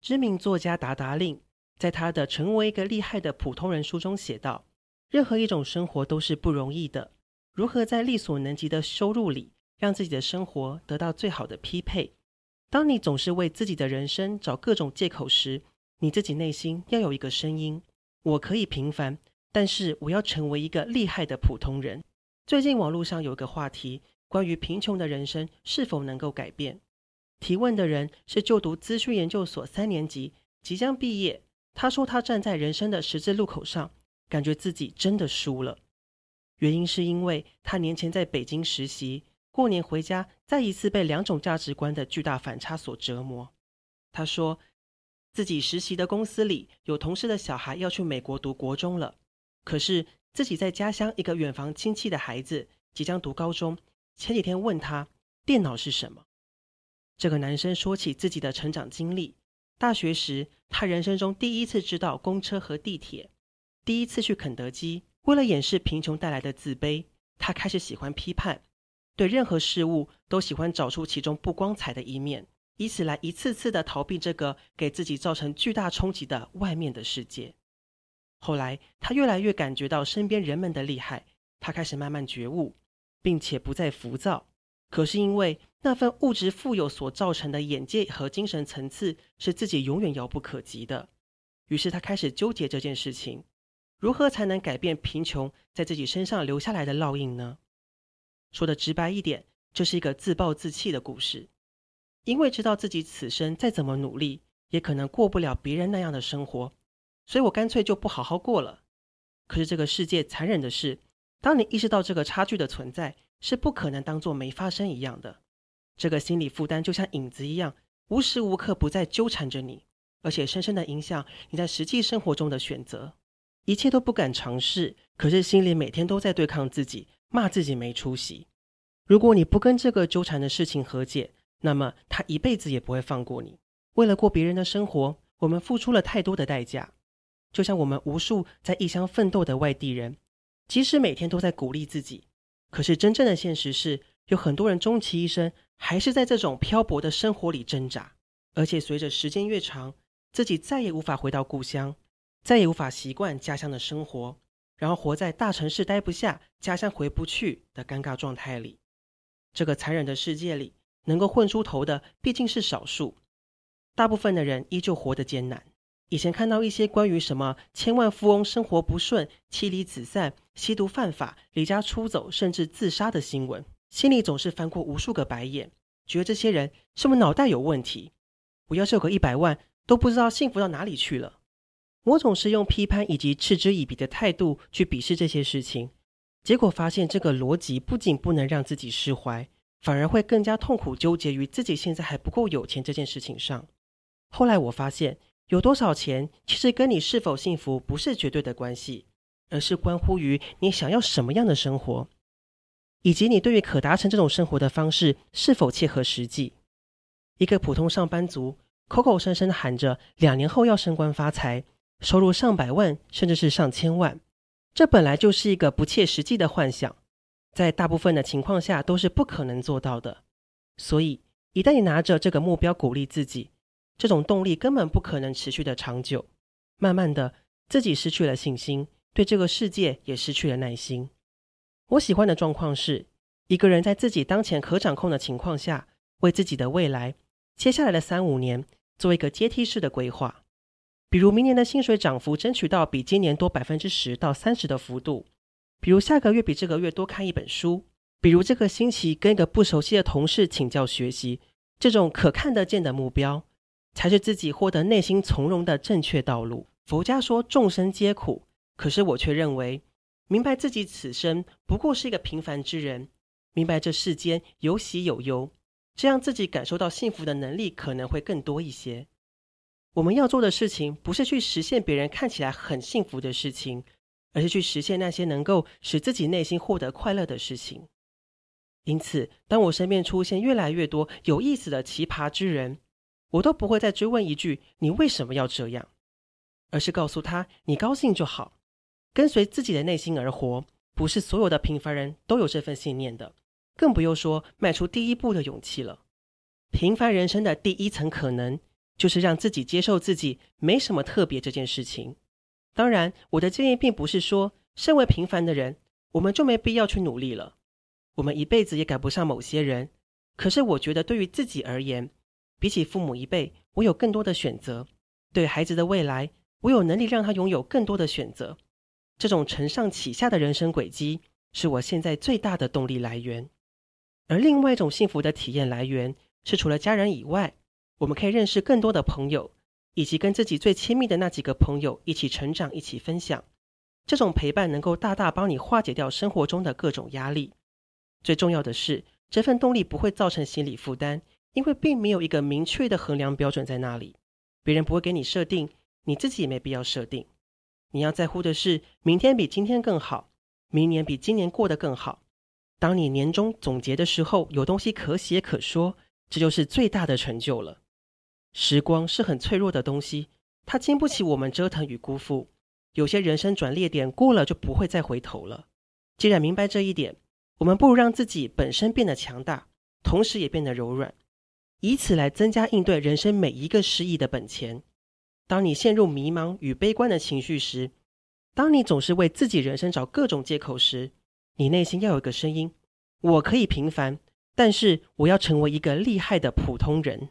知名作家達達令在他的《成為一個厲害的普通人》書中寫道：“任何一種生活都是不容易的。如何在力所能及的收入裡，讓自己的生活得到最好的匹配？當你總是為自己的人生找各種借口時。”你自己內心要有一個聲音，我可以平凡，但是我要成為一個厲害的普通人。最近網絡上有個話題，關於貧窮的人生是否能夠改變？提問的人是就讀資訊研究所三年級，即將畢業。他說他站在人生的十字路口上，感覺自己真的輸了。原因是因為他年前在北京實習，過年回家，再一次被兩種價值觀的巨大反差所折磨。他說。自己實習的公司裡有同事的小孩要去美國讀國中了，可是自己在家鄉一個遠房親戚的孩子即將讀高中。前幾天問他電腦是什麼，這個男生說起自己的成長經歷：大學時他人生中第一次知道公車和地鐵，第一次去肯德基。為了掩飾貧窮帶來的自卑，他開始喜歡批判，對任何事物都喜歡找出其中不光彩的一面。以此來一次次的逃避這個給自己造成巨大衝擊的外面的世界。後來，他越來越感覺到身邊人們的厲害，他開始慢慢覺悟，並且不再浮躁。可是，因為那份物質富有所造成的眼界和精神層次是自己永遠遙不可及的。於是，他開始糾結這件事情：如何才能改變貧窮在自己身上留下來的烙印呢？說的直白一點，這是一個自暴自棄的故事。因為知道自己此生再怎麼努力，也可能過不了別人那樣的生活，所以我乾脆就不好好過了。可是這個世界殘忍的是，當你意識到這個差距的存在，是不可能當做沒發生一樣的。這個心理負擔就像影子一樣，無時無刻不在糾纏着你，而且深深的影響你在實際生活中的選擇。一切都不敢嘗試，可是心裡每天都在對抗自己，罵自己沒出息。如果你不跟這個糾纏的事情和解，那麼他一輩子也不會放過你。為了過別人的生活，我們付出了太多的代價。就像我們無數在異鄉奮鬥的外地人，即使每天都在鼓勵自己，可是真正的現實是，有很多人終其一生還是在這種漂泊的生活裡掙扎，而且隨着時間越長，自己再也無法回到故鄉，再也無法習慣家鄉的生活，然後活在大城市待不下，家鄉回不去的尷尬狀態裡。這個殘忍的世界裡，能夠混出頭的畢竟是少數，大部分的人依舊活得艱難。以前看到一些關於什麼千萬富翁生活不順、妻離子散、吸毒犯法、離家出走，甚至自殺的新聞，心裡總是翻過無數個白眼，覺得這些人是不是腦袋有問題？我要是有個一百萬，都不知道幸福到哪裡去了。我總是用批判以及嗤之以鼻的態度去鄙視這些事情，結果發現這個邏輯不僅不能讓自己釋懷。反而會更加痛苦糾結於自己現在還不夠有錢這件事情上。後來我發現，有多少錢其實跟你是否幸福不是絕對的關係，而是關乎於你想要什麼樣的生活，以及你對於可達成這種生活的方式是否切合實際。一個普通上班族口口聲聲的喊着兩年後要升官發財，收入上百萬甚至是上千萬，這本來就是一個不切實際的幻想。在大部分的情況下都是不可能做到的，所以一旦你拿着這個目標鼓勵自己，這種動力根本不可能持續的長久。慢慢的，自己失去了信心，對這個世界也失去了耐心。我喜歡的狀況是一個人在自己當前可掌控的情況下，為自己的未來接下來的三五年做一個階梯式的規劃，比如明年的薪水漲幅爭取到比今年多百分之十到三十的幅度。比如下個月比這個月多看一本書，比如這個星期跟一個不熟悉的同事請教學習，這種可看得見的目標，才是自己獲得內心從容的正確道路。佛家說眾生皆苦，可是我卻認為，明白自己此生不過是一個平凡之人，明白這世間有喜有憂，這樣自己感受到幸福的能力可能會更多一些。我們要做的事情不是去實現別人看起來很幸福的事情。而是去實現那些能夠使自己內心獲得快樂的事情。因此，當我身邊出現越來越多有意思的奇葩之人，我都不會再追問一句“你為什麼要這樣”，而是告訴他：“你高興就好。”跟隨自己的內心而活，不是所有的平凡人都有這份信念的，更不用說邁出第一步的勇氣了。平凡人生的第一層可能，就是讓自己接受自己沒什麼特別這件事情。當然，我的建議並不是說，身為平凡的人，我們就沒必要去努力了。我們一輩子也趕不上某些人。可是，我覺得對於自己而言，比起父母一輩，我有更多的選擇。對孩子的未來，我有能力讓他擁有更多的選擇。這種承上啟下的人生軌跡，是我現在最大的動力來源。而另外一種幸福的體驗來源，是除了家人以外，我們可以認識更多的朋友。以及跟自己最親密的那幾個朋友一起成長、一起分享，這種陪伴能夠大大幫你化解掉生活中的各種壓力。最重要的是，這份動力不會造成心理負擔，因為並沒有一個明確的衡量標準在那裡，別人不會給你設定，你自己也沒必要設定。你要在乎的是，明天比今天更好，明年比今年過得更好。當你年終總結的時候，有東西可寫可說，這就是最大的成就了。時光是很脆弱的東西，它經不起我們折騰與辜負。有些人生轉捩點過了就不會再回頭了。既然明白這一點，我們不如讓自己本身變得強大，同時也變得柔軟，以此來增加應對人生每一個失意的本錢。當你陷入迷茫與悲觀的情緒時，當你總是為自己人生找各種借口時，你內心要有個聲音：我可以平凡，但是我要成為一個厲害的普通人。